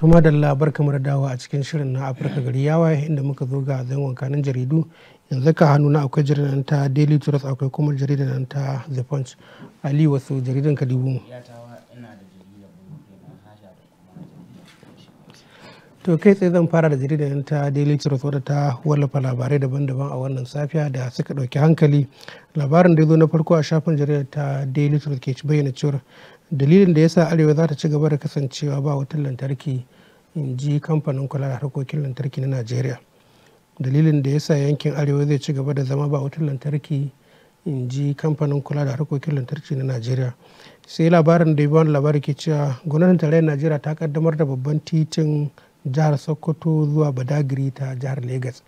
to madalla kamar da dawa a cikin shirin na afirka gari yawa inda muka zo ga zangon kanin jaridu yanzu ka hannu na akwai jaridan ta daily trust akwai kuma jaridan ta the punch ali wasu jaridan ka dubu to kai tsaye zan fara da jaridan ta daily trust wadda ta wallafa labarai daban-daban a wannan safiya da suka ɗauki hankali labarin da ya zo na farko a shafin jaridar ta daily trust ke bayyana cewar dalilin da ya sa arewa za ta ci gaba da kasancewa ba wutar lantarki in ji kamfanin kula da harkokin lantarki na najeriya dalilin da ya sa yankin arewa zai ci gaba da zama ba wutar lantarki in ji kamfanin kula da harkokin lantarki na najeriya sai labarin da wani labarin ke cewa gwamnatin tarayyar najeriya ta kaddamar da babban titin jihar sokoto zuwa badagiri ta jihar lagos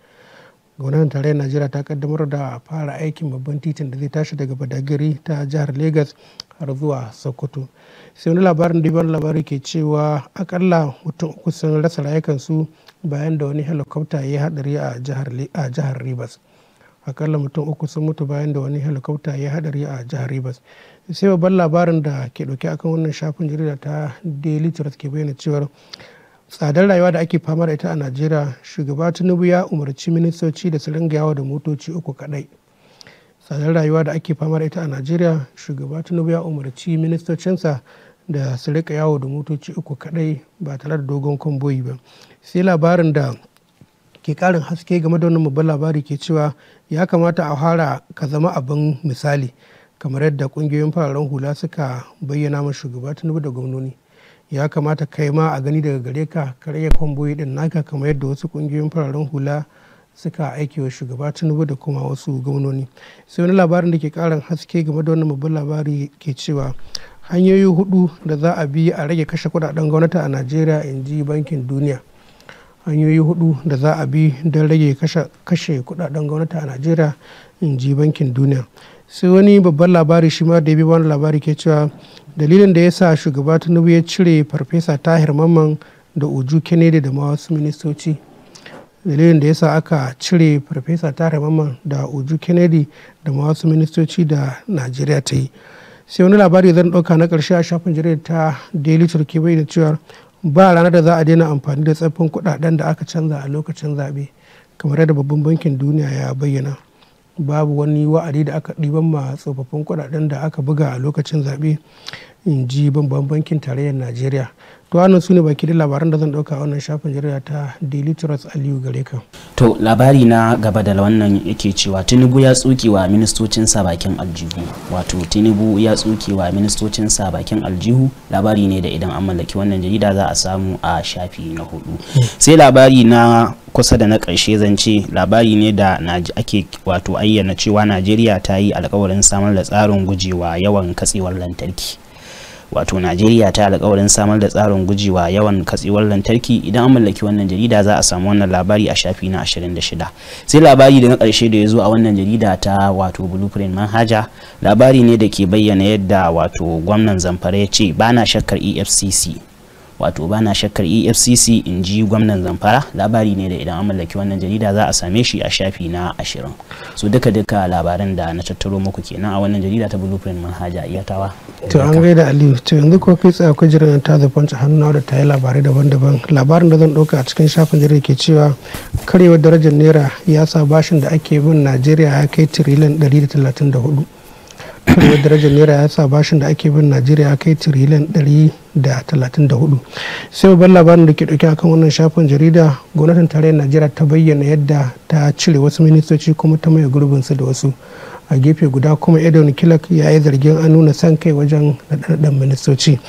gwamnatin tarayyar najeriya ta kaddamar da fara aikin babban titin da zai tashi daga badagari ta jihar lagos har zuwa sokoto sai wani labarin da labari ke cewa akalla mutum uku sun rasa rayukansu bayan da wani helikopta ya hadari a jihar rivers akalla mutum uku sun mutu bayan da wani helikopta ya hadari a jihar rivers sai babban labarin da ke dauke akan wannan shafin jarida ta daily trust ke bayyana cewar tsadar rayuwa da ake fama da ita a najeriya shugaba tinubu ya umarci ministoci da su ringa yawo da motoci uku kadai tsadar rayuwa da ake fama da ita a najeriya shugaba tinubu ya umarci ministocinsa da su rika yawo da motoci uku kadai ba tare da dogon kwamboyi ba sai labarin da ke karin haske game da wannan babban labari ke cewa ya kamata a fara ka zama abin misali kamar yadda kungiyoyin fararen hula suka bayyana ma shugaba tinubu da gwamnoni ya kamata kai ma a gani daga gare ka ka rage kwamboyi din naka kamar yadda wasu kungiyoyin fararen hula suka aiki wa shugaba tinubu da kuma wasu gwamnoni sai wani labarin da ke karin haske game da wannan babban labari ke cewa hanyoyi hudu da za a bi a rage kashe kudaden gwamnati a najeriya in ji bankin duniya hanyoyi hudu da za a bi don rage kashe kudaden gwamnati a najeriya in ji bankin duniya sai wani babban labari shi ma da ya bi wani labari ke cewa dalilin da ya sa shugaba tinubu ya cire farfesa tahir mamman da uju kennedy da ma ministoci dalilin da ya sa aka cire farfesa tahir mamman da uju kennedy da ministoci da najeriya ta yi sai wani labari zan ɗauka na ƙarshe a shafin jirgin ta daily turkey bai da cewa ba ranar da za a daina amfani da tsaffin kuɗaɗen da aka canza a lokacin zaɓe kamar yadda babban bankin duniya ya bayyana babu wani wa'adi da aka ɗiban ma tsofaffin kuɗaɗen da aka buga a lokacin zaɓe in ji bambam bankin tarayyar najeriya to wannan su ne baki da labaran da zan dauka wannan shafin jarida ta daily aliyu gare ka to labari na gaba da wannan yake cewa tinubu ya wa ministocin sa bakin aljihu wato tinubu ya wa ministocin sa bakin aljihu labari ne da idan an mallaki wannan jarida za a samu a shafi na hudu sai labari na kusa da na ƙarshe ce labari ne da ake wato ayyana cewa najeriya ta yi alkawarin samar da tsarin gujewa yawan katsewar lantarki wato najeriya ta alƙawarin samar da tsarin gujewa yawan katsewar lantarki idan an mallaki wannan jarida za a samu wannan labari a shafi na 26 sai labari daga na karshe da ya zo a wannan jarida ta wato blueprint manhaja labari ne da ke bayyana yadda wato gwamnan zamfara ya ce bana shakkar efcc wato bana shakkar efcc in ji gwamnan zamfara labari ne da idan an mallaki wannan jarida za a same shi a shafi na ashirin so duka duka labaran da na tattaro muku kenan a wannan jarida ta blueprint manhaja iyatawa to an gaida aliyu to yanzu ko kai tsaya akwai jiran ta da fanci hannu da ta yi labarai daban-daban labarin da zan ɗauka a cikin shafin jarida ke cewa karewar darajar naira ya sa bashin da ake bin najeriya ya kai tiriliyan 134 kuma darajar naira ya sa bashin da ake bin najeriya kai tiriliyan 134 sai babban labarin da ke dauke akan wannan shafin jarida gwamnatin tarayyar najeriya ta bayyana yadda ta cire wasu ministoci kuma ta maye gurbin su da wasu a gefe guda kuma edwin kilak ya yi zargin an nuna son kai wajen naɗaɗɗen ministoci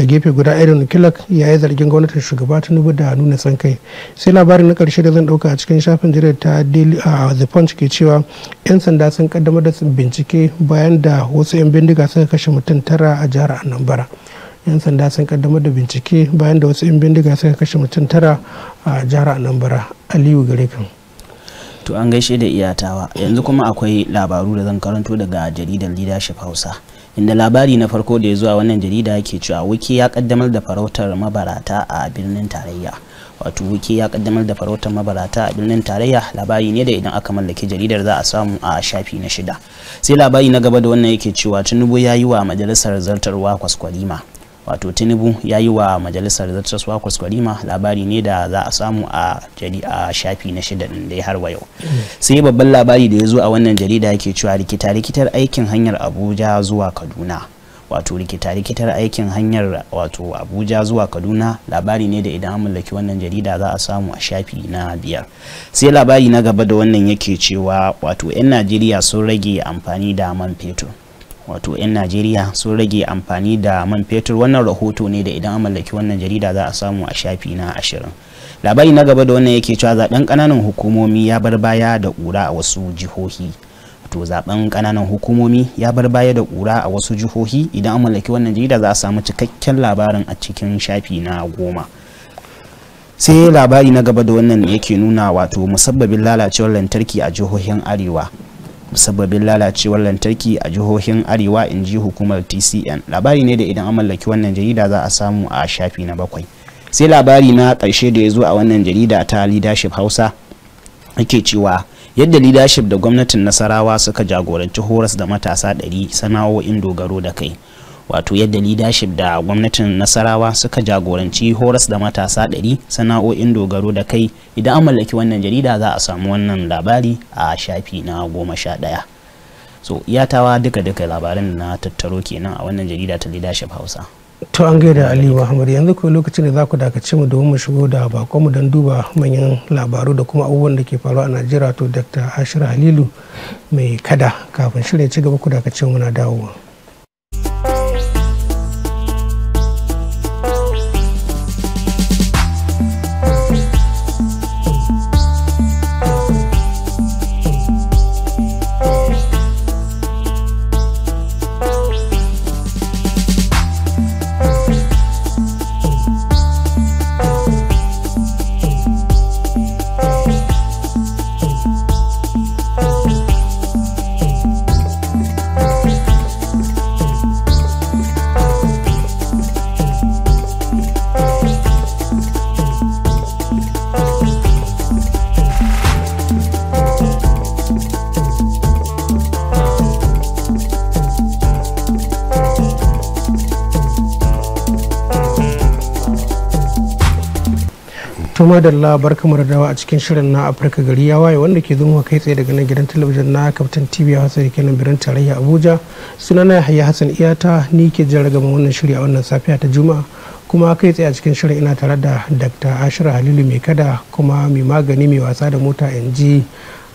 a gefe guda irin kilak ya yi zargin gwamnatin shugaba tinubu da nuna san kai sai labarin na karshe da zan dauka a cikin shafin jirar ta daily a the punch ke cewa yan sanda sun kaddamar da bincike bayan da wasu yan bindiga suka kashe mutum tara a jihar anambra yan sanda sun kaddamar da bincike bayan da wasu 'yan bindiga suka kashe mutum tara a jihar anambra aliyu gare kan to an gaishe da iyatawa yanzu kuma akwai labaru da zan karanto daga jaridar leadership hausa inda labari na farko da ya zuwa wannan jarida yake cewa wiki ya kaddamar da farautar mabarata a birnin tarayya wato wiki ya kaddamar da farautar mabarata a birnin tarayya labari ne da idan aka mallaki jaridar za a samu a shafi na shida sai labari na gaba da wannan yake cewa tinubu ya yi wa majalisar zartarwa kwaskwarima wato tinubu ya yi wa majalisar zartaswa kwaskwarima labari ne da za a samu a a shafi na shida din dai har wa yau sai babban labari da ya zo a wannan jarida yake cewa rikita rikitar aikin hanyar abuja zuwa kaduna wato rikita-rikitar aikin hanyar wato abuja zuwa kaduna labari ne da idan an mallaki wannan jarida za a samu a shafi na biyar sai labari na gaba da wannan yake cewa wato 'yan najeriya sun rage amfani da man fetur wato 'yan najeriya sun rage amfani da man fetur wannan rahoto ne da idan an mallaki wannan jarida za a samu a shafi na ashirin labari na gaba da wannan yake cewa zaben kananan hukumomi ya bar baya da kura a wasu jihohi to zaben kananan hukumomi ya bar baya da kura a wasu jihohi idan an mallaki wannan jarida za a samu cikakken labarin a cikin shafi na goma sai labari na gaba da wannan yake nuna wato musabbabin lalacewar lantarki a jihohin arewa sababbin lalacewar lantarki a jihohin arewa in ji hukumar tcn labari ne da idan an mallaki wannan jarida za a samu a shafi na bakwai sai labari na ƙarshe da ya zo a wannan jarida ta leadership hausa ake cewa yadda leadership da gwamnatin nasarawa suka jagoranci horas da matasa 100 sana'o'in dogaro da kai wato yadda leadership da gwamnatin nasarawa suka jagoranci horas da matasa ɗari sana'o'in dogaro da kai idan an mallaki wannan jarida za a samu wannan labari a shafi na goma sha ɗaya so iyatawa duka duka labarin na tattaro kenan a wannan jarida ta leadership hausa to an gaida aliyu muhammad yanzu kuma lokacin da za ku dakace mu domin mu shigo da mu don duba manyan labaru da kuma abubuwan da ke faruwa a najeriya to dr ashir halilu mai kada kafin shirya ci gaba ku dakace mu na dawowa madalla labar kamar dawa a cikin shirin na afirka gari ya waye wanda ke zuwa kai tsaye daga nan gidan talabijin na kaftan tv a hassan kenan birnin tarayya abuja na yahaya hassan iyata ni ke jan ragama wannan shiri a wannan safiya ta juma'a kuma kai tsaye a cikin shirin ina tare da dr ashira halilu mai kada kuma mai magani mai wasa da mota ji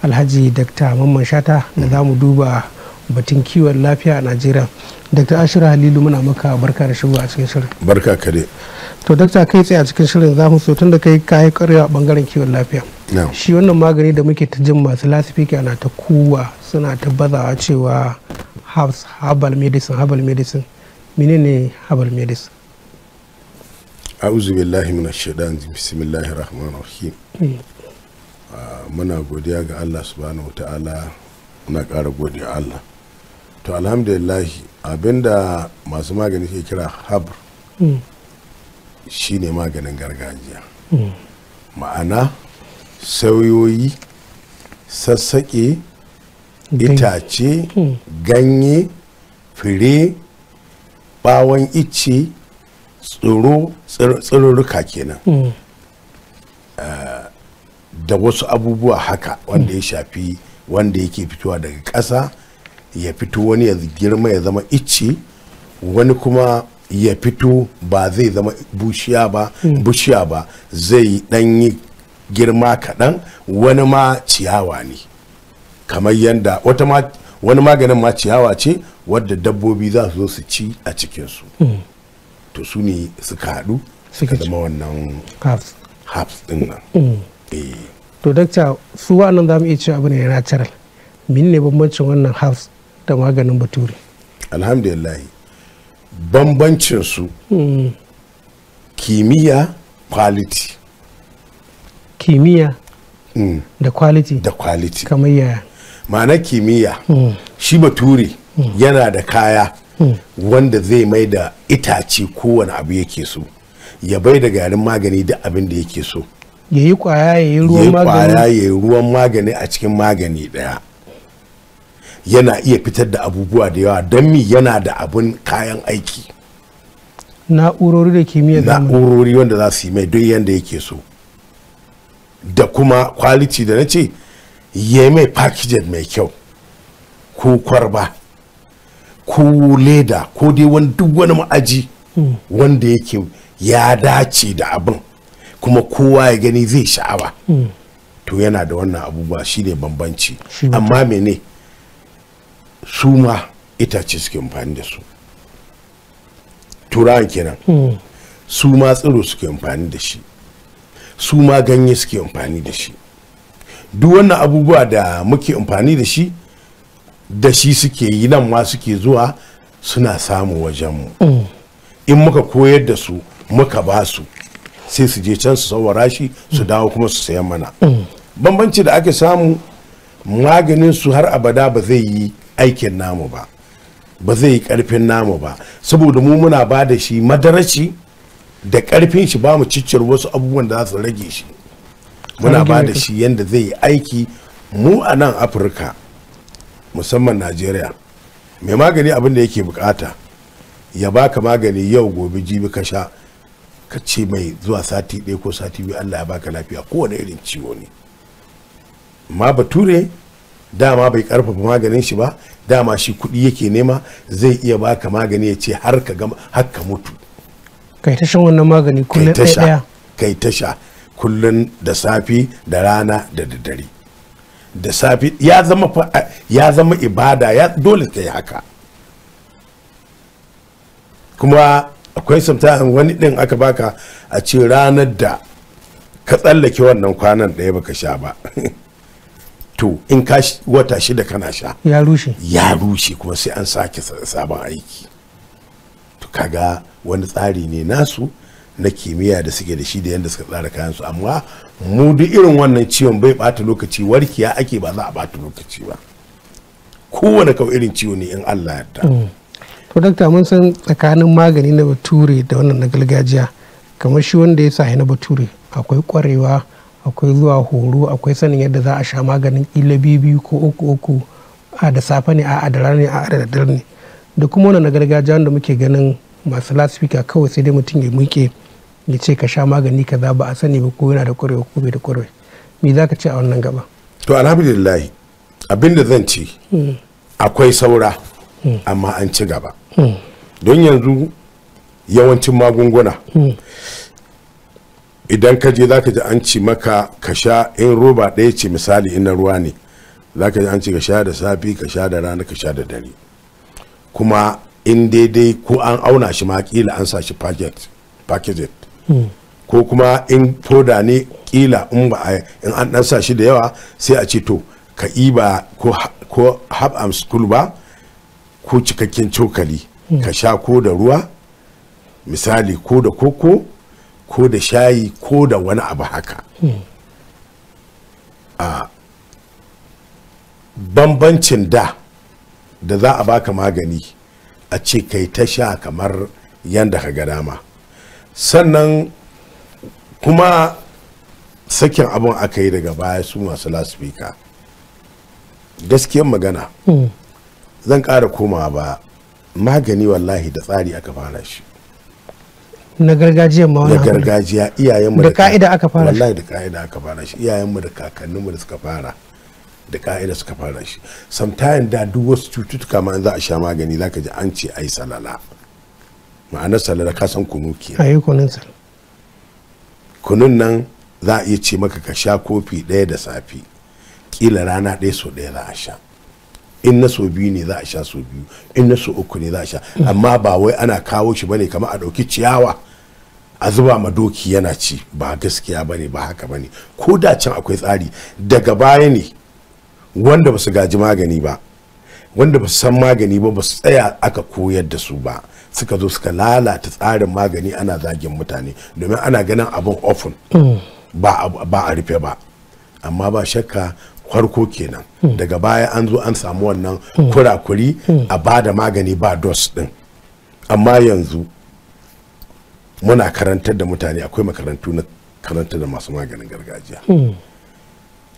alhaji dr mamman shata da za mu duba batun kiwon lafiya a najeriya dr ashira halilu muna maka barka da shigo a cikin shirin barka kare to dakta kai tsaye a cikin shirin za mu tun da kai kayi karewa bangaren kiwon lafiya shi wannan magani da muke ta jin masu lasifika na ta kuwa suna ta bazawa cewa herbs herbal medicine herbal medicine ne herbal medicine a'udhu billahi minash shaitan bismillahir rahmanir rahim hmm. ah, muna godiya ga Allah subhanahu wa ta'ala muna ƙara godiya Allah to alhamdulillahi abinda masu magani ke kira habr hmm. shine maganin gargajiya hmm. ma'ana sauyoyi sassaƙe itace hmm. ganye fire bawon icce tsoro tsirurruka kenan eh, da wasu abubuwa haka wanda ya shafi wanda yake fitowa daga ƙasa ya fito wani ya girma ya zama icci wani kuma ya fito ba zai zama bushiya ba hmm. bushiya ba zai yi girma kaɗan wani ma ciyawa ne kamar yadda wata ma wani maganin ma ciyawa ce wadda dabbobi za su zo su ci a cikinsu hmm. to su ne suka haɗu suka zama wannan haps ɗin nan hmm. eh. to dakta su wa'annan za mu iya cewa abu ne natural min ne bambancin wannan haps da maganin bature alhamdulillah bambancin su hmm. kimiyya quality kimiyya hmm. da quality da quality kamar ya ma'ana kimiyya hmm. shi bature yana da kaya wanda zai mai da itace kowane abu yake so ya bai da garin magani da abin da yake so ya yi kwaya ya yi ruwan magani a cikin magani daya yana iya fitar da abubuwa da yawa don mi yana da abun kayan aiki na'urori da kimiyyar na'urori wanda za su yi mai don yadda yake so da kuma kwaliti da na ce ya yi mai packaging mai kyau ko kwarba ko leda ko dai wani duk wani ma'aji hmm. wanda yake ya dace da abin kuma kowa ya gani zai sha'awa hmm. to yana da wannan abubuwa shi ne bambanci amma mene su ma itace suke amfani da su turawan kenan hmm. su ma tsiro suke amfani da shi su ma ganye suke amfani da shi duk wannan abubuwa da muke amfani da shi da shi suke yi nan ma suke zuwa suna samu wajenmu hmm. in muka koyar da su muka ba su sai su je can su saurara shi su hmm. dawo kuma su sayan mana bambanci da ake samu maganin su har abada ba zai yi aikin namu ba ba zai yi karfin namu ba saboda mu muna ba da shi madaraci da karfin shi ba mu ciccir wasu abubuwan da za su rage shi muna ba da shi yadda zai yi aiki mu a nan afirka musamman najeriya mai magani abin da yake bukata ya baka magani yau gobe jibi ka sha ka ce mai zuwa sati ɗaya ko sati biyu allah ya baka lafiya kowane irin ciwo ne ma bature dama bai karfafa maganin shi ba dama shi kuɗi yake nema zai iya baka magani ya ce har ka gama har ka mutu kai ta shan wannan magani kullum ɗaya kai ta sha kullum da safi da rana da daddare da safi ya zama ya zama ibada ya dole ta yi haka kuma akwai samtahan wani ɗin aka baka a ce ranar da ka tsallake wannan kwanan ɗaya baka sha ba to in ka wata shida kana sha ya rushe ya rushe kuma sai an sake sabon aiki to kaga wani tsari ne nasu na kimiyya da suke da shi da yadda suka tsara kayansu amma mu duk irin wannan ciwon bai bata lokaci warkiya ake ba za a bata lokaci ba kowane kawai irin ciwo ne in allah ya mm. to dakta mun san tsakanin magani na bature da wannan na gargajiya kamar shi wanda ya sa na bature akwai kwarewa akwai zuwa horo akwai sanin yadda za a sha maganin ila biyu ko uku uku a da safe ne a da ne a da ne da kuma wannan na gargajiya wanda muke ganin masu lasfika kawai sai dai mutum ya muke ya ce ka sha magani ka za ba a sani ba ko yana da kwarewa ko bai da kwarewa me za ka ce a wannan gaba to alhamdulillah abin zan ce hmm. akwai saura hmm. amma an ci gaba hmm. don yanzu yawancin magunguna idan ka je za ka ji an ci maka ka sha in roba ɗaya ce misali ina ruwa ne za ka ji an ci ka sha da safi ka sha da rana ka sha da dare kuma in daidai ko an auna shi ma kila an sa shi packet hmm. ko kuma in foda ne kila in ba in an dan sa shi da yawa sai a ce to ka iba ko ko half am school ba ko cikakken cokali hmm. ka sha ko da ruwa misali ko da koko ko da shayi ko da wani abu haka a bambancin da da za a baka magani a ce kai ta sha kamar yadda ka ga dama sannan kuma sakin abin aka yi daga baya su masu laspika gaskiyar magana hmm. zan kara komawa ba magani wallahi da tsari aka fara shi na gargajiya ma wani gargajiya iyayenmu da ka'ida aka fara wallahi da ka'ida aka fara shi iyayenmu da kakanninmu da suka fara da ka'ida suka fara shi sometimes da duk wasu cututtuka ma za a sha magani zaka ji an ce ai salala ma'anar salala ka san kunu ke ai kunun sal kunun nan za a iya ce maka ka sha kofi ɗaya da safi kila rana ɗaya so ɗaya za a sha in na so biyu ne za a sha so biyu in na so uku ne za a sha amma ba wai ana kawo shi bane kamar a ɗauki ciyawa a zuba ma doki yana ci ba gaskiya bane ba haka bane ko da can akwai tsari daga baya ne wanda ba su gaji magani ba wanda ba su san magani ba ba su tsaya aka koyar da su ba suka zo suka lalata tsarin magani ana zagin mutane domin ana ganin abun ofin mm. ba a rufe ba amma ba shakka farko kenan hmm. daga baya an zo an samu wannan hmm. kurakuri hmm. a ba da magani ba dos din amma yanzu muna karantar da mutane akwai makarantu na karantar da masu maganin gargajiya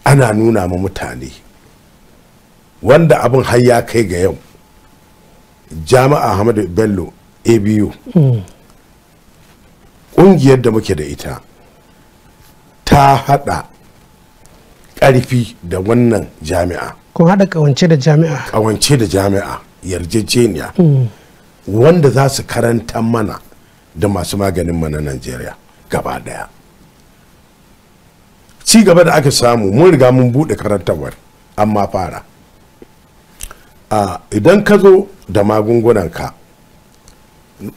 ana nuna ma mutane wanda abin har ya kai ga yau Jama'a ahmadu bello abu Kungiyar da muke da ita ta hada ƙarfi da wannan jami'a kun haɗa ƙawance da jami'a ƙawance da jami'a yarjejeniya hmm. wanda za su karanta mana da masu maganin mana najeriya gaba daya ci gaba da aka samu mun riga mun buɗe karantarwar amma fara idan ka zo da magungunanka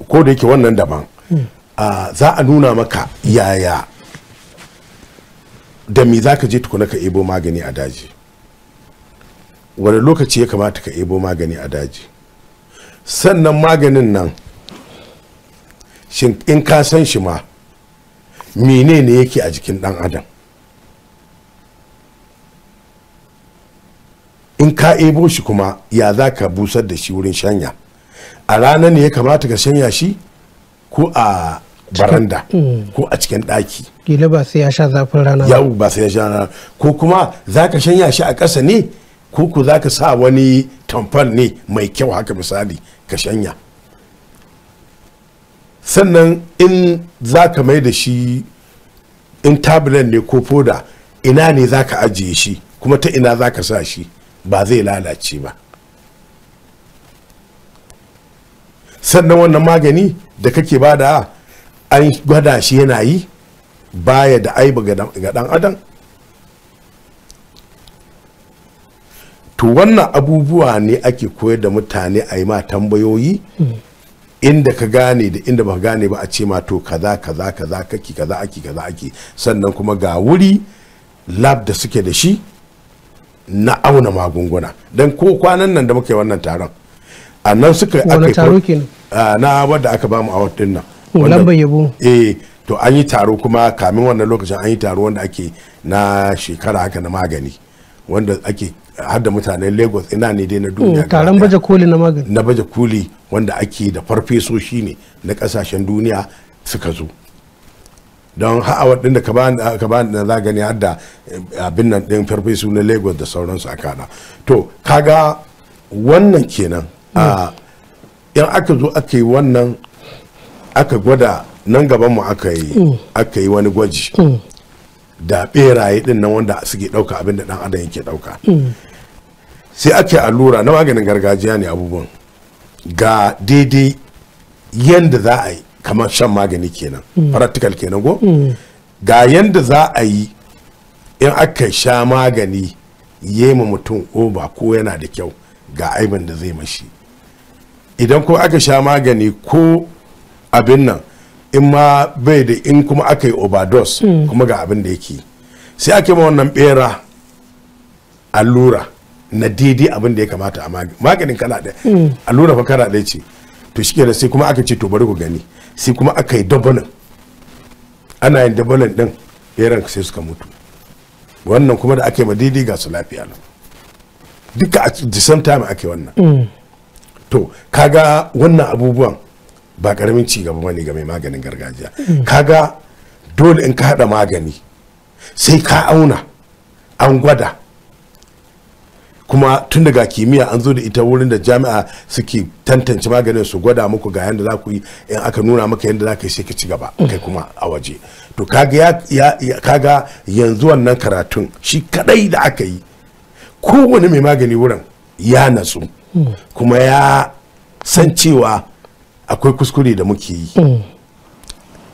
ko da yake wannan daban hmm. za a nuna maka yaya da me za ka je tukuna ka ebo magani a daji wani lokaci ya kamata ka ebo magani a daji sannan maganin nan in ka san shi ma menene yake a jikin dan adam in ka ebo shi kuma ya za ka busar da shi wurin shanya a rana ne ya kamata ka shanya shi ko a baranda hmm. ko a cikin ɗaki kila ba sai ya sha zafin rana Ya'u ba sai ya sha rana ko kuma za ka shanya shi a ƙasa ne ko ku za ka sa wani tamfan ne mai kyau haka misali ka shanya sannan in za ka mai da shi in tabulan ne ko foda ina ne za ka ajiye shi kuma ta ina za ka sa shi ba zai lalace ba sannan wannan magani da kake bada an gwada shi yana yi baya da aibu ga dan adam to wannan abubuwa ne ake koyar da mutane a yi ma tambayoyi inda ka gane da inda ba gane ba a ce ma to kaza kaza kaza kake kaza ake kaza ake sannan kuma ga wuri lab da suke da shi na auna magunguna don ko kwanan nan da muka yi wannan taron a nan suka yi aka na wadda aka bamu a wadda nan lambar yabo eh to an yi taro kuma kamin wannan lokacin an yi taro wanda ake na shekara haka na magani wanda ake hadda mutanen lagos ina ne dai na mm, duniya taron baje koli na magani na baje koli wanda ake da farfesoshi ne na kasashen duniya suka zo don ha'awar din da ka bani na zagani har da eh, abin nan din farfesu na lagos da sauransu a kana to kaga wannan kenan yan mm. ah, aka zo aka yi wannan aka gwada nan gaban mu aka yi mm. aka yi wani gwaji mm. da beraye din nan wanda suke dauka abin da dan adam yake dauka mm. sai ake allura na maganin gargajiya ne abubuwan ga daidai yanda za a yi kamar shan magani kenan practical kenan go ga yanda za a yi in aka sha magani yema mutum oba ko yana da kyau ga aibin da zai mashi idan ko aka sha magani ko abin nan in ma bai da in kuma aka yi overdose hmm. kuma ga abin da yake sai ake ma wannan bera allura na daidai abin da ya kamata a magani maganin kana da hmm. allura fa kana ɗaya ce to shi sai kuma aka ce to bari ku gani sai kuma aka yi dabalan. ana yin dabalan din beran sai suka mutu wannan kuma da aka yi ma daidai ga su lafiya lau duka a the same time ake wannan hmm. to kaga wannan abubuwan ba karamin ci gaba bane ga mai maganin gargajiya kaga dole in ka hada magani sai ka auna an gwada kuma tun daga kimiyya an zo da ita wurin da jami'a suke tantance maganin su gwada muku ga yadda za ku yi in aka nuna maka yadda za ka yi sai ka ci gaba kai kuma a waje to kaga ya yanzu wannan karatun shi kadai da aka yi kowane mai magani wurin ya natsu kuma ya san cewa akwai kuskure da muke yi eh.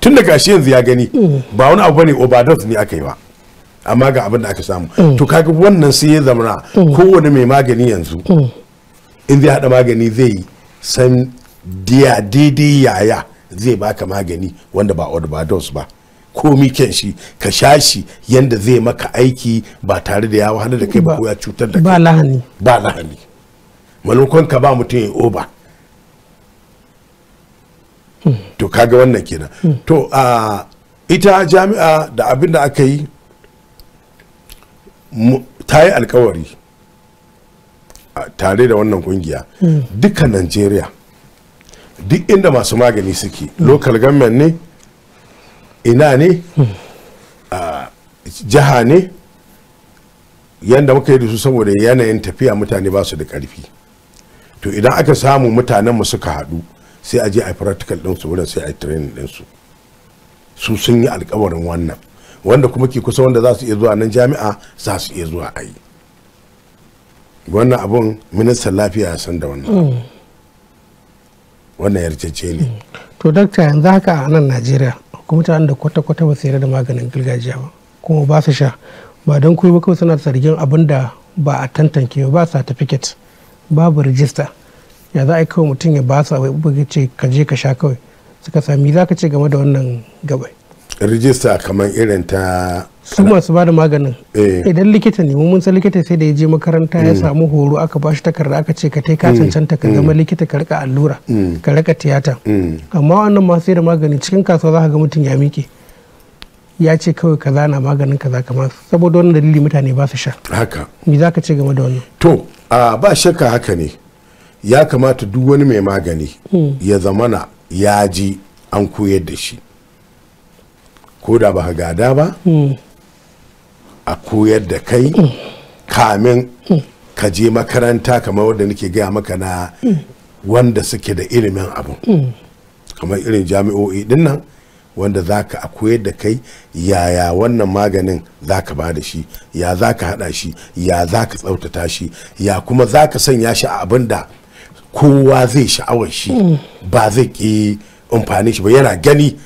tun da gashi yanzu ya gani eh. ba wani abu bane overdose ne aka yi ba amma ga abin da aka samu eh. to kaga wannan sai ya zamana kowane mai magani yanzu in zai hada magani zai san diya daidai yaya zai baka magani wanda ba overdose ba komi ken shi ka sha shi yanda zai maka aiki ba tare da ya wahala da kai ba ko ya cutar da kai ba lahani ba lahani malokon ka ba mutum ya oba to kaga wannan kenan to a ita jami'a da abin da aka yi ta yi alkawari tare da wannan kungiya duka najeriya duk inda masu magani suke local government ne ina ne jiha ne yadda muka yi da su saboda yanayin tafiya mutane ba su da karfi to idan aka samu mutanenmu suka haɗu sai a je a yi din su wurin sai a yi training din su su sun yi alkawarin wannan wanda kuma ke kusa wanda za su iya zuwa nan jami'a za su iya zuwa a yi wannan abun ministan lafiya ya san da wannan mm. wannan yarjejje ne mm. to dakta yanzu haka a nan najeriya kuma ta da kwata-kwata ba su da maganin gargajiya ba kuma ba su sha ba don kuma suna zargin abin da ba a tantance ba certificate babu rijista ya za a yi kawai mutum ya ba su abu ya ce ka je ka sha kawai suka sami za ka ce game da wannan gabai rijista kamar irin ta su masu ba da maganin eh. idan likita ne mun san likita sai da ya je makaranta ya mm. samu horo aka bashi takarda aka ce ka tai ka mm. cancanta ka mm. zama likita ka rika allura ka rika tiyata amma wannan masu da magani cikin kasuwa za ka ga mutum ya miƙe ya ce kawai kaza na maganin kaza kama saboda wannan dalili mutane ba su sha haka me za ka ce game da wannan to ba shakka haka ne ya kamata duk wani mai magani ya zamana ya ji an koyar da shi ko da ba gada ba a koyar da kai kamin ka je makaranta kamar wadda nake gaya maka na wanda suke da ilimin abu kamar irin jami'o'i dinnan wanda za ka a koyar da kai yaya wannan maganin za ka ba da shi ya za ka haɗa shi ya za ka tsautata shi ya kuma za ka sanya shi a abin da kowa zai sha'awar shi mm. ba zai ki amfani shi ba yana gani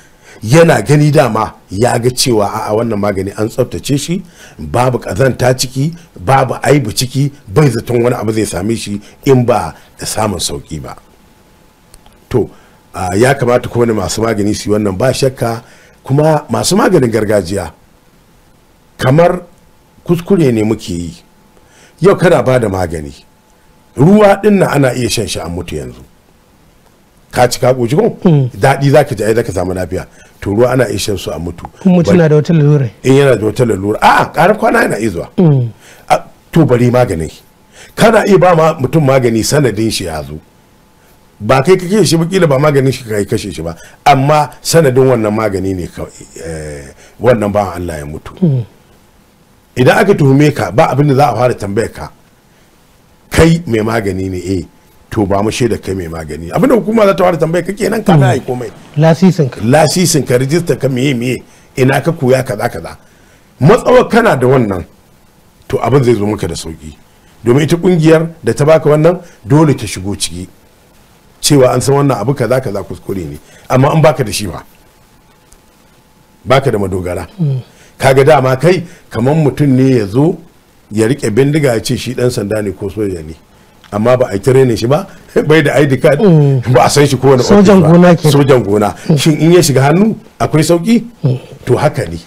yana gani dama ya ga cewa a wannan magani an tsaftace shi babu ƙazanta ciki babu aibu ciki bai zaton wani abu zai same shi in ba da samun sauƙi ba to ya kamata kuma ne masu magani su yi wannan ba shakka kuma masu maganin gargajiya kamar kuskure ne muke yi yau kana ba da magani ruwa din na ana iya shan shi an mutu yanzu ka ci ka goji ko mm. daɗi za ka ji ai ka samu lafiya to ruwa ana iya shan su a mutu mutu na da wata lalura in eh, yana da wata lalura a'a ƙarar kwana yana iya zuwa mm. to bari maganin kana iya ba mutum magani sanadin shi ya zo ba kai kake shi ba kila ba maganin shi kai kashe shi ba amma sanadin wannan magani ne eh, wannan ba Allah ya mutu mm. idan aka tuhume ka ba abin da za a fara tambayar ka kai mai magani ne eh to ba mu shaida kai mai magani abinda hukuma za ta ware tambaye kake nan ka yi komai lasisin ka lasisin ka rijista ka miye miye ina ka koya kaza kaza matsawar kana da wannan to abin zai zo maka da sauki domin ita kungiyar da ta baka wannan dole ta shigo ciki cewa an san wannan abu kaza kaza kuskure ne amma an baka da shi ba baka da madogara hmm. kaga dama kai kaman mutum ne ya zo ya rike bindiga ya ce shi dan sanda ne ko soja ne amma ba a kire ne shi ba bai da ID card mm. ba a san shi ko wani. sojan gona ke sojan gona mm. shin in ya shiga hannu akwai sauki mm. to haka ne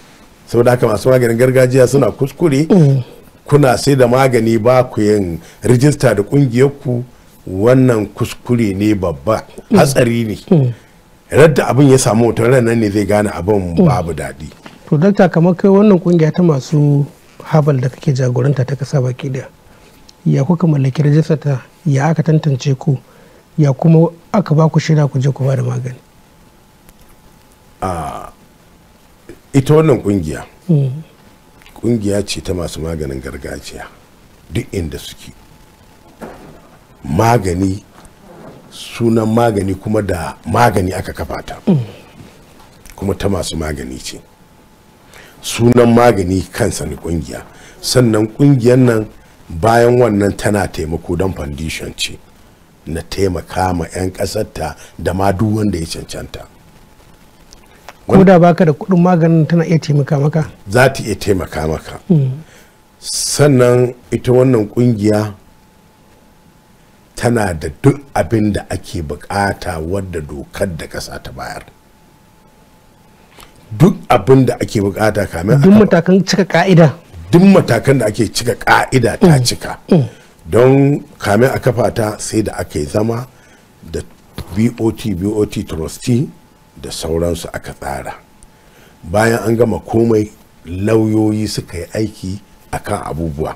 saboda haka masu maganin gargajiya suna kuskure kuna sai da magani ba ku yin rijista da kungiyarku wannan kuskure ne babba hatsari ne radda abin ya samu wutar nan ne zai gane abin babu daɗi to dakta kamar kai wannan kungiya ta masu habal da kake jagoranta ta kasa baki daya ya kuka mallaki rajistarta ya aka tantance ku ya kuma aka ba ku shirya ku je ku da magani a ita wannan kungiya kungiya hmm. ce ta masu maganin gargajiya duk inda suke magani sunan magani kuma da magani aka kafa ta hmm. kuma ta masu magani ce sunan magani kansa ne kungiya sannan kungiyar nan bayan wannan tana taimako don foundation ce na taimaka ma 'yan ƙasarta da ma duk wanda ya cancanta ko da baka da kudin maganin tana iya taimaka maka za ta iya taimaka maka hmm. sannan ita wannan kungiya tana da duk abin da ake bukata wadda dokar da ƙasa ta bayar duk abin da ake bukata kamin duk matakan cika ka'ida duk matakan da ake cika ka'ida ta mm. cika mm. don kamin a kafa ta sai da aka yi zama da bot bot trustee da sauransu aka tsara bayan an gama komai lauyoyi suka yi aiki akan abubuwa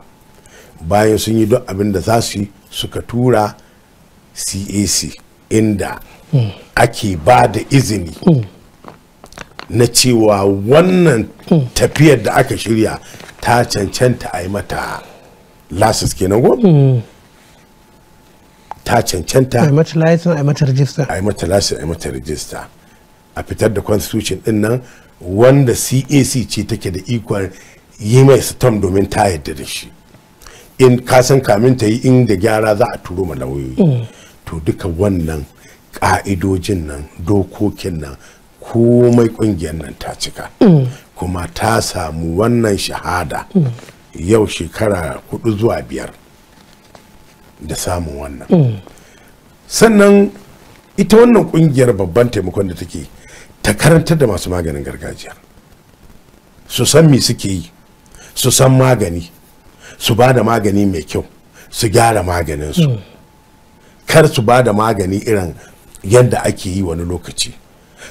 bayan sun yi duk abin da za su yi suka tura cac inda mm. ake ba da izini na cewa wannan hmm. tafiyar da aka shirya ta cancanta a yi mata lasis kenan go hmm. ta cancanta a yi mata lasis a yi mata rajista a yi mata lasis a yi mata rajista a fitar da constitution din nan wanda cac ce take da ikon yi mai stom domin ta yadda da shi in kasan kamin ta yi inda gyara za a turo ma lauyoyi hmm. to duka wannan ka'idojin nan dokokin nan komai kungiyar nan ta cika mm. kuma ta samu wannan shahada mm. yau shekara hudu zuwa biyar da samun wannan mm. sannan ita wannan kungiyar babban taimakon da take ta karantar da masu maganin gargajiya su san me suke yi su san magani su ba da magani mai kyau su gyara maganinsu kar su ba da magani irin yadda ake yi wani lokaci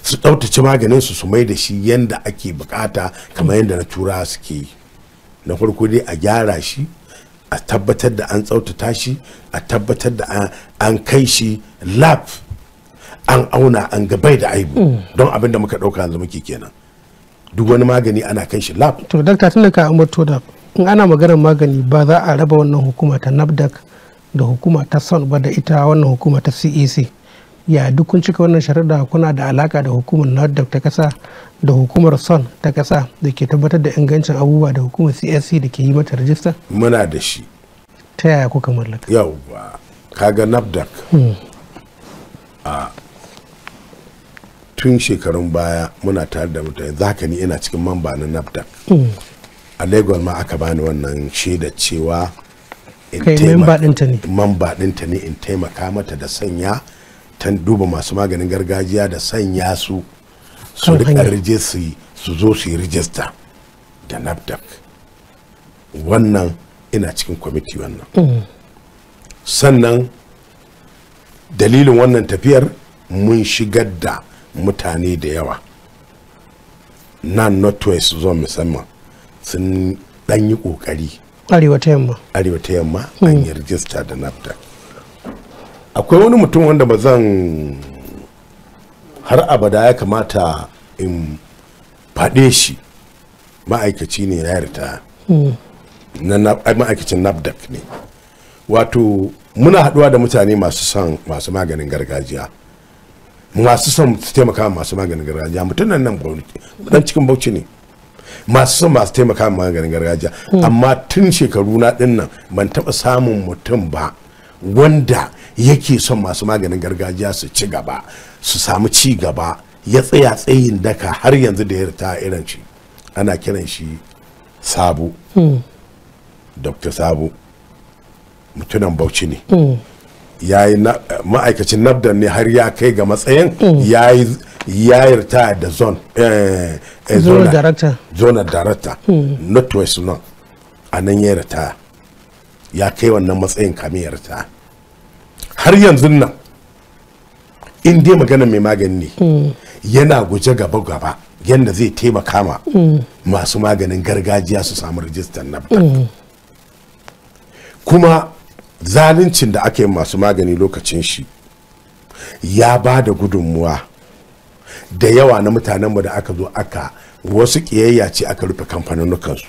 su tsautace maganin su su mai da shi yanda ake bukata kamar yanda na tura suke na farko dai a gyara shi a tabbatar da an tsautata shi a tabbatar da an kai shi lab an auna an gabai da aibu mm. don abin da muka dauka yanzu muke kenan duk wani magani ana kai shi lab to dakta tun da ka da in ana maganar magani ba za a raba wannan hukuma ta nafdac da hukuma ta son ba da ita wannan hukuma ta cec e ya duk kun cika wannan sharaɗa kuna da alaka da hukumar nordaf ta kasa da hukumar son ta kasa da ke tabbatar da ingancin abubuwa da hukumar csc da ke yi mata rajista muna da shi ta yaya kuka mallaka yawwa kaga nordic hmm. a tun shekarun baya muna tare da mutane zaka ni ina cikin mamba na nordic hmm. a lagos ma aka bani wannan shaidar cewa kai mamba ɗinta ne in taimaka mata da sanya ta duba masu maganin gargajiya da sanya su su rika su zo su yi rijista da nafdak wannan ina cikin kwamiti wannan mm. sannan dalilin wannan tafiyar mun shigar da mutane da yawa na northwest zone musamman sun yi ƙoƙari arewa ta yamma arewa ta yamma an mm. yi rijista da nafdak akwai wani mutum wanda ba zan har abada ya kamata in faɗe shi ma'aikaci ne hmm. na yarda na ma'aikacin nafdak ne wato muna haɗuwa da mutane masu son masu maganin gargajiya masu son su taimaka masu maganin gargajiya mutum nan nan cikin bauchi ne masu son masu taimaka maganin gargajiya hmm. amma tun shekaru na ɗin nan ban taɓa samun mutum ba wanda yake son masu maganin gargajiya su ci gaba su samu ci gaba ya tsaya tsayin daka har yanzu da ya rita irin shi ana kiran shi sabu hmm. dr sabu mutunan bauchi ne hmm. ya yi ma'aikacin nabdan ne har ya kai ga matsayin hmm. ya yi ya da eh, eh, zone zone director northwest zone a nan ya yarta ya kai wannan matsayin kamiyarta har yanzu nan in dai magana mai magani ne mm. yana guje gaba gaba yadda zai taimaka ma mm. masu maganin gargajiya su samu rijistar na mm. kuma zaluncin da aka yi masu magani lokacin shi ya ba da gudunmuwa da yawa na mutanenmu da aka zo aka wasu ƙiyayya ce aka rufe kamfanonukansu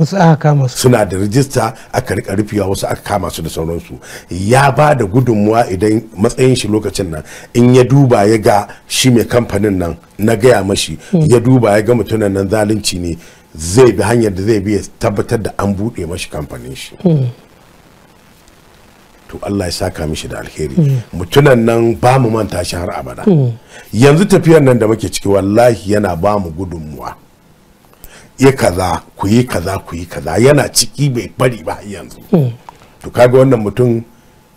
wasu aka kama su suna da rijista aka rika rufewa wasu aka kama su da sauransu ya ba da gudunmuwa idan matsayin shi lokacin nan in ya duba ya ga shi mai kamfanin nan na gaya mashi hmm. ya duba ya ga mutumin nan zalunci ne zai bi hanyar da zai bi ya tabbatar da an buɗe mashi kamfanin shi hmm. to Allah ya saka mishi da alheri hmm. mutunan nan ba mu manta shi har abada yanzu tafiyar nan da muke ciki wallahi yana ba mu gudunmuwa yi kaza ku yi kaza ku yi kaza yana ciki bai bari ba yanzu to kaga wannan mutum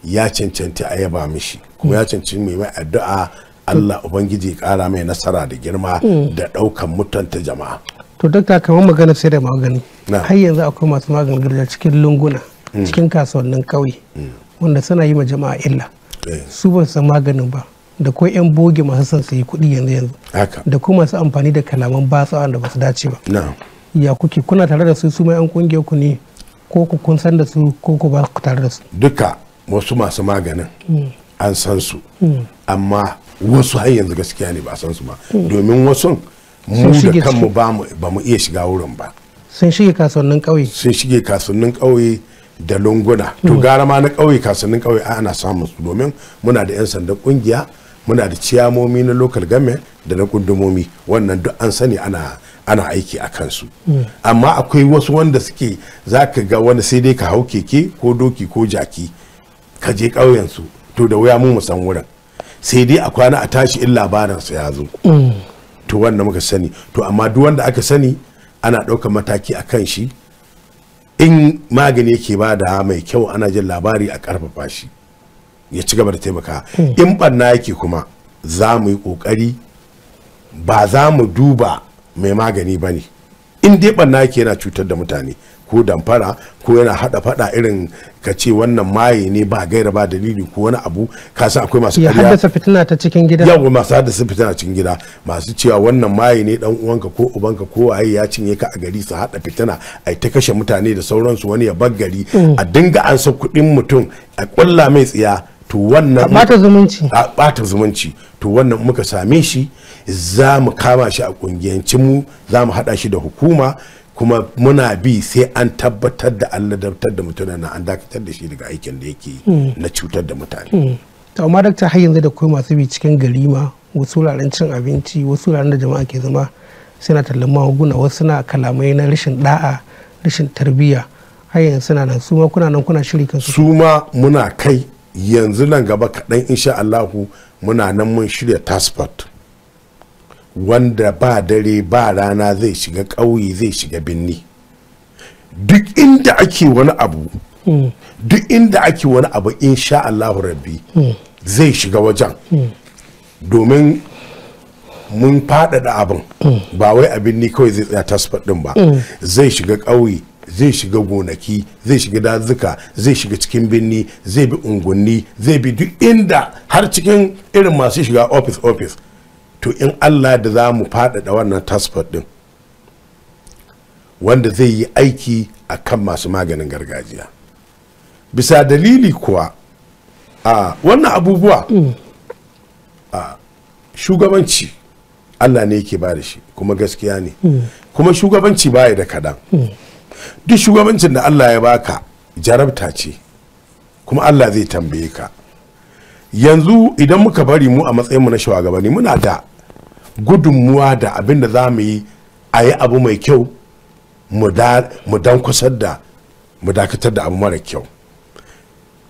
ya cancanta a yaba mishi kuma ya cancanci mai mai addu'a Allah ubangiji ya kara mai nasara da girma da daukan mutunta jama'a to dakta kamar magana sai da magani har yanzu akwai masu maganin gargajiya cikin lunguna hmm. cikin kasuwannin kauye hmm. wanda suna yi ma jama'a illa eh. su ba san maganin ba da ko yan boge masu son su yi kuɗi yanzu yanzu da kuma masu amfani da kalaman basawa da ba su dace ba ya kuke kuna tare da su su mai an kungiyar ku ne ko ku kun san da su ko ku ba ku tare da su duka wasu masu maganin hmm. an san su hmm. amma wasu har yanzu gaskiya ne ba san su ba hmm. domin wasu mu da kanmu ba mu iya shiga wurin ba sun shige kasuwannin ƙauye sun shige kasuwannin ƙauye da lunguna to gara ma na ƙauye kasuwannin ƙauye ana samun su domin muna da 'yan sandan kungiya muna da ciyamomi na local government da na kundumomi wannan duk an sani ana ana aiki a kansu mm. amma akwai wasu wanda suke za ka ga wani sai dai ka hau keke ko doki ko jaki ka je ƙauyensu to da wuya mu musan wurin sai dai a kwana a tashi in labaransu ya zo mm. to wanda muka sani to amma duk wanda aka sani ana ɗaukar mataki a kan shi in magani yake ba da mai kyau ana jin labari a ƙarfafa shi ya ci gaba da taimaka mm. in ɓanna yake kuma za mu yi ƙoƙari ba za mu duba mai magani ba ne in dai ɓanna yake yana cutar da mutane ko damfara ko yana haɗa faɗa irin ka ce wannan maye ne ba gaira ba dalili ko wani abu ka san akwai masu kariya haddasa fitina ta cikin gida yawa masu haddasa fitina cikin gida masu cewa wannan maye ne dan uwanka ko ubanka ko waye ya cinye ka a gari su haɗa fitina a ta kashe mutane da sauransu wani ya bar gari mm. a dinga an kuɗin mutum a ƙulla mai tsiya to wannan bata zumunci a bata zumunci to wannan muka same shi za mu kama shi a kungiyancin mu za mu hada shi da hukuma kuma muna bi sai an tabbatar da an ladabtar da mutum na an dakatar da shi daga aikin da yake hmm. na cutar da mutane hmm. to amma dakta har yanzu da kai masu bi cikin gari ma wasu wuraren cin abinci wasu wuraren da jama'a ke zama suna tallan magunguna wasu suna kalamai na rashin da'a rashin tarbiyya har yanzu suna nan su ma kuna nan kuna shiri kansu su ma muna kai yanzu nan gaba kaɗan insha Allahu muna nan mun shirya tasfot wanda ba dare ba rana zai shiga ƙauye zai shiga binni duk inda ake wani abu hmm. duk inda ake wani abu insha Allahu rabbi hmm. zai shiga wajen hmm. domin mun faɗaɗa abin ba wai abin ni kawai zai tsaya tasfot ɗin ba zai shiga ƙauye zai shiga gonaki zai shiga dazuka zai shiga cikin birni zai bi ungunni zai bi duk inda har cikin irin masu shiga office office to in allah da za mu faɗaɗa wannan tasfot ɗin wanda zai yi aiki a kan masu maganin gargajiya bisa dalili kuwa a wannan abubuwa a shugabanci allah ne yake ba da shi kuma gaskiya ne hmm. kuma shugabanci baya da kaɗan hmm. duk shugabancin da Allah ya baka jarabta ce kuma Allah zai tambaye ka yanzu idan muka bari mu a matsayinmu na shugabanni muna da gudunmuwa da abin da za mu yi a yi abu mai kyau mu dan kusar da mu dakatar da abu mara kyau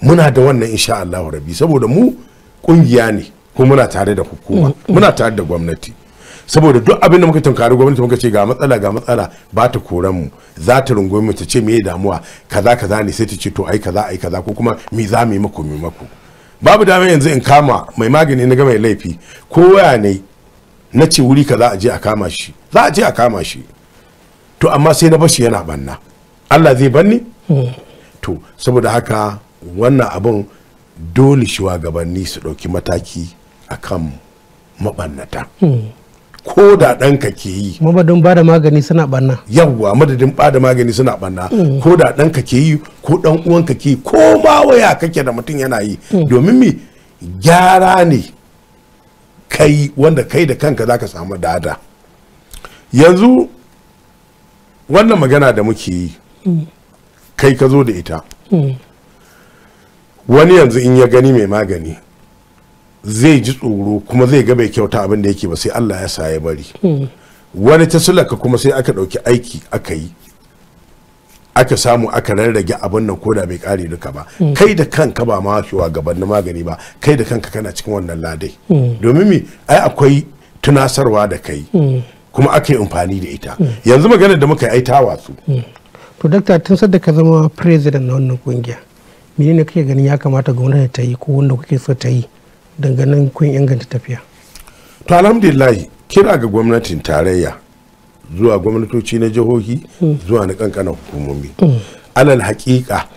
muna da wannan insha Allah rabi saboda mu kungiya ne kuma muna tare da hukuma mm, mm. muna tare da gwamnati saboda duk abin da muka tunkari gwamnati muka ce ga matsala ga matsala ba ta koran mu za ta rungume mu ta ce me damuwa kaza kaza ne sai ta ce to ai kaza ai kaza ko kuma me za mu yi muku me muku babu dama yanzu in kama mai magani na ga mai laifi ko waya ne na ce wuri kaza a je a kama shi za a je a kama shi to amma sai na bashi yana banna Allah zai banni to saboda haka wannan abun dole shi wa gabanni su ɗauki mataki akan mabannata. ko da ɗanka ke yi madadin ba da magani suna banna yawwa madadin ba da magani suna banna mm. ko da ɗanka ke yi ko ɗan uwanka ke ko ma waya kake da mutum yana yi mm. domin me gyara ne kai wanda kai da kanka zaka samu dada yanzu wannan magana da muke yi mm. kai ka zo da ita wani yanzu in ya gani mai magani zai ji tsoro kuma zai ga bai kyauta abin da yake ba sai Allah ya sa ya bari wani ta sulaka kuma sai aka ɗauki aiki aka yi aka samu aka rarrage abin nan koda bai kare duka ba kai da kanka ba ma gaban magani ba kai da kanka kana cikin wannan ladai domin me ai akwai tunasarwa da kai kuma aka yi amfani da ita yanzu maganar da muka yi ta watsu to dakta tun sadda ka zama president na wannan kungiya menene kake ganin ya kamata gwamnati ta yi ko wanda kuke so ta yi danganan kun inganta tafiya to alhamdulillah kira ga gwamnatin tarayya zuwa gwamnatoci na jihohi hmm. zuwa na kankanan hukumomi hmm. alal hakika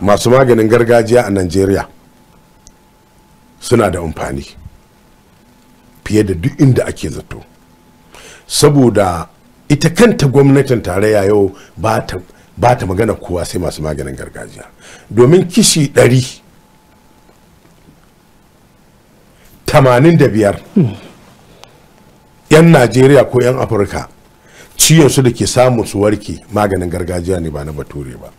masu maganin gargajiya a najeriya suna da amfani fiye da duk inda ake zato saboda ita kanta gwamnatin tarayya yau ba ta magana kowa sai masu maganin gargajiya domin kishi ɗari 85 'yan najeriya ko 'yan afirka ciyon su da ke samun su warke maganin gargajiya ne ba na bature ba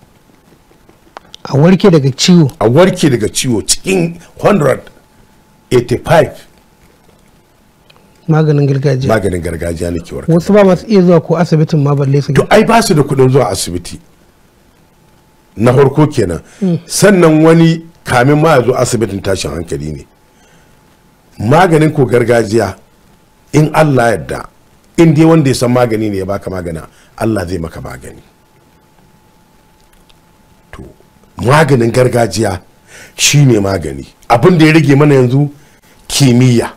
a warke daga ciwo a warke daga ciwo cikin 185 maganin gargajiya maganin gargajiya ne ke warke wasu ba masu iya zuwa ko asibitin ma balle su to ai ba su da kudin zuwa asibiti na farko kenan mm. sannan wani kamin ma ya zo asibitin tashin hankali ne maganin ko gargajiya in allah yadda in dai wanda ya san magani ne ya baka magana allah zai maka magani to maganin gargajiya shine magani abin da ya rage mana yanzu kimiyya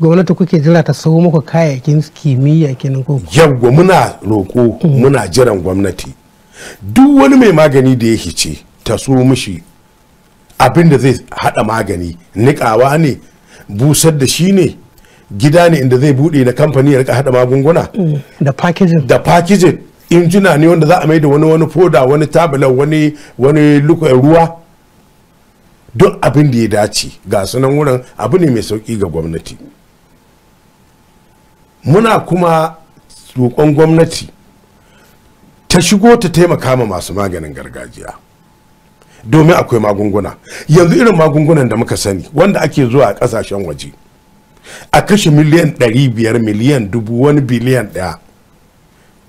gwamnati kuke jira ta sau muku kayayyakin kimiyya kenan ko yawwa muna roko hmm. muna jiran gwamnati duk wani mai magani da ya hice ta so mishi abin da zai hada magani nikawa ne busar da shi ne gida ne inda zai bude na kamfani ya rika hada magunguna mm, da packaging da packaging injina ne wanda za a mai da wani wani foda wani tabula wani wani eh, ruwa don abin da ya dace ga sunan wurin abu ne mai sauki ga gwamnati muna kuma roƙon gwamnati ta shigo ta taimaka ma masu maganin gargajiya domin akwai magunguna yanzu irin magungunan da muka sani wanda ake zuwa a kasashen waje a kashe miliyan 500 miliyan dubu wani biliyan daya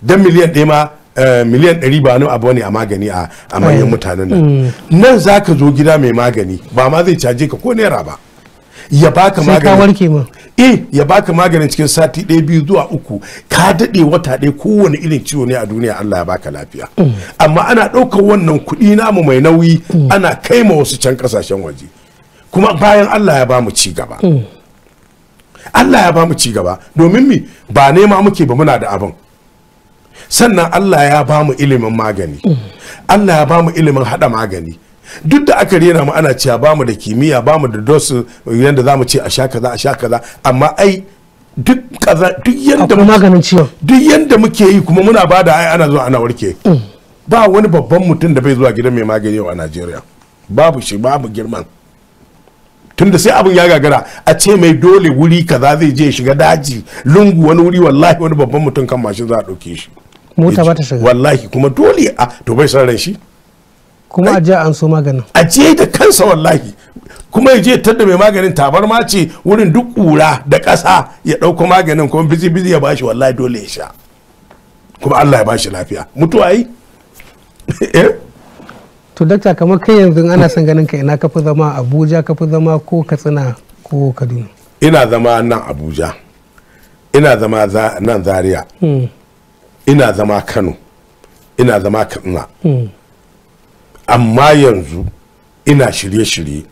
don miliyan ɗaya ma eh, miliyan 100 ba wani abu ne a magani a manyan eh, mutanen nan mm. nan za ka zo gida mai magani ba ma zai caje ka ko naira ba ya baka magani E ya baka maganin cikin sati ɗaya biyu zuwa uku ka daɗe wata ɗaya kowane irin ciwo ne a duniya Allah ya baka lafiya amma ana ɗaukar wannan kuɗi namu mai nauyi ana kai ma wasu can ƙasashen waje kuma bayan Allah ya bamu ci gaba Allah ya bamu ci gaba domin mi ba nema muke ba muna da abin sannan Allah ya bamu ilimin magani Allah ya bamu ilimin haɗa magani duk da aka rena mu ana cewa ba mu da kimiyya ba mu da dosu yadda za mu ce a sha kaza a sha kaza amma ai duk kaza duk yadda maganin ciwon duk yadda muke yi kuma muna ba da ai ana zuwa ana warke mm. ba wani babban mutum da bai zuwa gidan mai magani a Najeriya babu shi babu girman tunda sai abin ya gagara a ce mai dole wuri kaza zai je shiga daji lungu wani wuri wallahi wani babban mutum kan mashin za a ɗauke shi mota ba ta shiga wallahi kuma dole a to bai san ran shi kuma a je an so maganin a je da kansa wallahi kuma ya je tadda mai maganin tabarma ce wurin duk kura da ƙasa ya ɗauko maganin kuma bizi bizi ya bashi wallahi dole ya sha kuma Allah ya bashi lafiya mutuwa yi eh? to dakta kamar kai yanzu ana son ganin ka ina kafi zama Abuja kafi zama ko Katsina ko Kaduna ina zama nan Abuja ina zama nan Zaria hmm. ina zama Kano ina zama Katsina hmm. amma yanzu ina shirye-shirye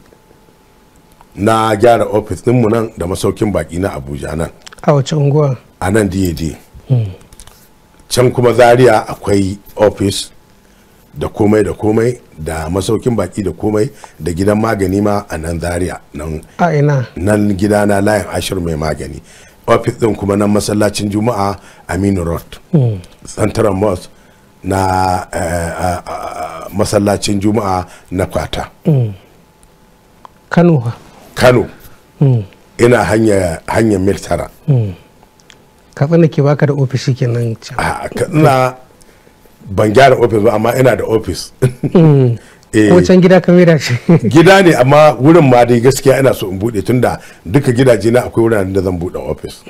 na gyara ofis ɗinmu nan da masaukin baki na abuja nan a wace unguwa a nan dad hmm. can kuma zaria akwai ofis da komai da komai da masaukin baki da komai da gidan magani ma a nan zaria nan nan gida na layin ashir mai magani ofis ɗin kuma nan masallacin juma'a aminu road santaran hmm. mosque na eh, eh, eh, masallacin juma'a na kwata mm. kano kano mm. ina hanyar mil tara mm. tsana ke baka da ofishi kenan ah, ka Ina, ban gyara ofis ba amma ina da ofis can gida ka mera shi gida ne amma wurin ma dai gaskiya ina so in bude tunda duka gidaje na akwai wuraren da zan bude ofis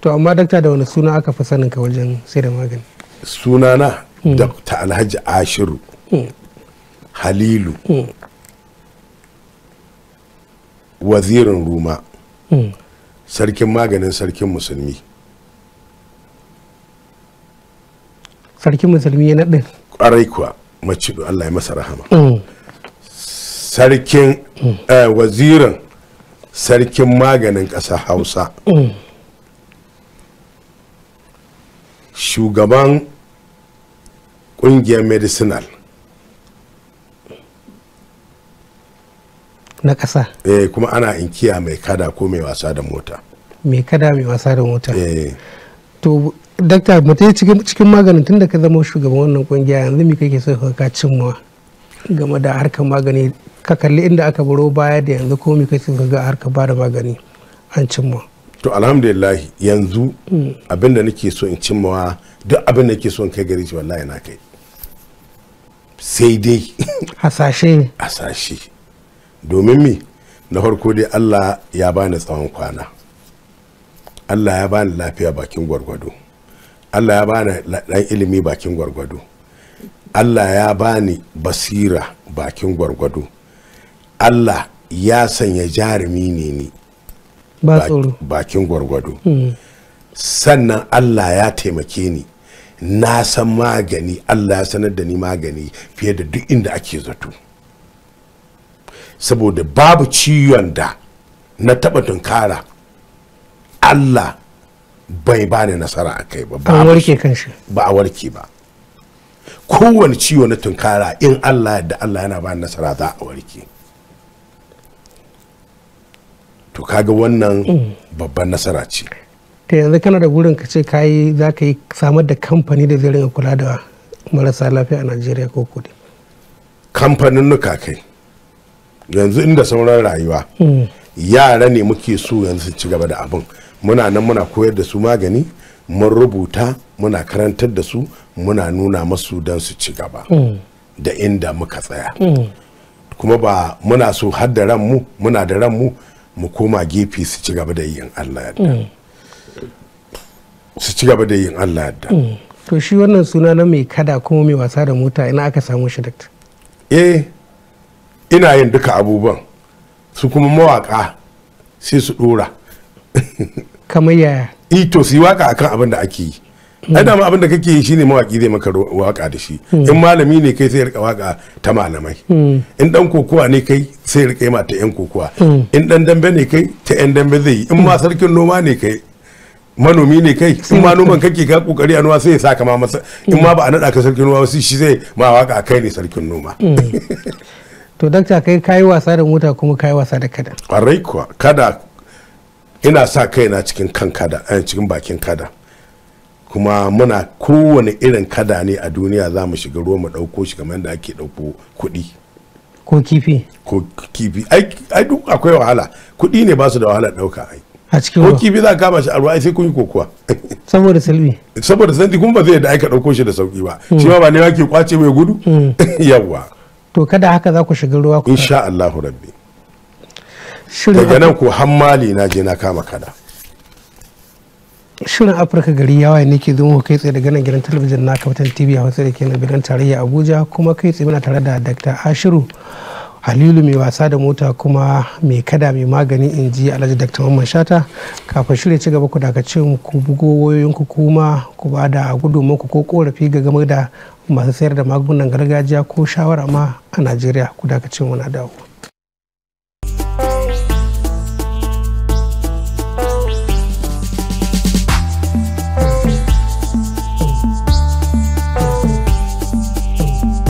to amma dakta da wani suna aka fi sanin ka wajen sai da magani sunana hmm. dr alhaji ashiru hmm. halilu hmm. wazirin ruma sarkin maganin sarkin musulmi sarkin musulmi ya naɗin ƙwarai kuwa macido allah ya masa rahama sarkin eh, wazirin sarkin maganin ƙasa hausa shugaban ƙungiyar medicinal na ƙasa eh kuma ana inkiya mai kada ko mai wasa da mota mai kada mai wasa da mota eh to dakta mutai cikin maganin tun da ka zama shugaban wannan kungiya yanzu me kake so ka cimma game da harkar magani ka kalli inda aka baro baya da yanzu ko me kake ga harkar ba da magani an cimma to alhamdulillah yanzu hmm. abinda nake so in cimmawa duk abinda nake so in kai gari shi wallahi na kai sai dai hasashe hasashe domin mi na farko dai allah ya bani tsawon kwana allah ya bani lafiya bakin gwargwado allah ya bani dan ilimi bakin gwargwado allah ya bani basira bakin gwargwado allah ya sanya jarumi ne ni bakin gwargwado hmm. sannan allah ya taimake ni na san magani allah ya sanar da ni magani fiye da duk inda ake zato saboda babu ciwon da na taba tunkara allah bai ba ni nasara a kai ba ba a warke ba kowane ciwo na tunkara in allah da allah yana ba nasara za a warke to kaga wannan mm. babban nasara ce ta yanzu kana da gurin ka ce ka yi za ka yi samar da kamfani da zai kula da marasa lafiya a najeriya ko kudi kamfanin nuka kai yanzu inda sauran rayuwa hmm. yara ne muke so yanzu su ci gaba da abin muna nan muna koyar da su magani mun rubuta muna karantar da su muna nuna masu don su ci gaba hmm. da inda muka tsaya hmm. kuma ba muna so har da ranmu muna da ranmu mu koma gefe su ci gaba da yin allah yadda su ci gaba da yin Allah da hmm. to shi wannan suna na mai kada kuma mai wasa da mota ina aka samu shi dakta eh ina yin duka abubuwan su kuma mawaka sai su dora kamar yaya ito eh su yi waka akan abin da ake yi ai hmm. dama abin da kake yi shine mawaki zai maka waka da shi hmm. in malami ne kai sai rika waka ta malamai in dan kokowa ne kai sai rika yi ma ta yan kokowa in dan dambe ne kai ta yan dambe zai yi in ma sarkin noma ne kai manomi ne kai in ma noman kake ka kokari a noma sai ya saka ma masa in ma ba a nada ka sarkin noma sai shi zai ma waka kai ne sarkin noma mm. to dakta kai kai wasa da mota kuma kai wasa da kada kwarai kuwa kada ina sa kaina cikin kan kada a eh, cikin bakin kada kuma muna kowane irin kada ne a duniya za mu shiga ruwa mu dauko shi kamar da ake dauko kuɗi ko kifi ko kifi ai duk akwai wahala kuɗi ne ba su da wahala dauka ai a cikin ko kifi za ka kama shi a ruwa sai kun yi kokuwa saboda silbi. saboda salmi kuma ba zai da aika dauko shi da sauki ba hmm. shi ma ba ne yake kwace mai gudu hmm. yawa to kada haka za ku shiga ruwa ku insha Allahu rabbi daga nan ko hammali na je na kama kada shirin afirka gari yawa ne ke zuwa kai tsaye daga nan gidan talabijin na kaftan tv a wasu da ke nan gidan tarayya abuja kuma kai tsaye muna tare da dr ashiru halilu mai wasa da mota kuma mai kada mai magani in ji alhaji dr mamman shata kafin shirya ci gaba ku daga cin ku bugo ku kuma ku ba da maku ko korafi ga game da masu sayar da magungunan gargajiya ko shawara ma a najeriya ku daga cin na dawo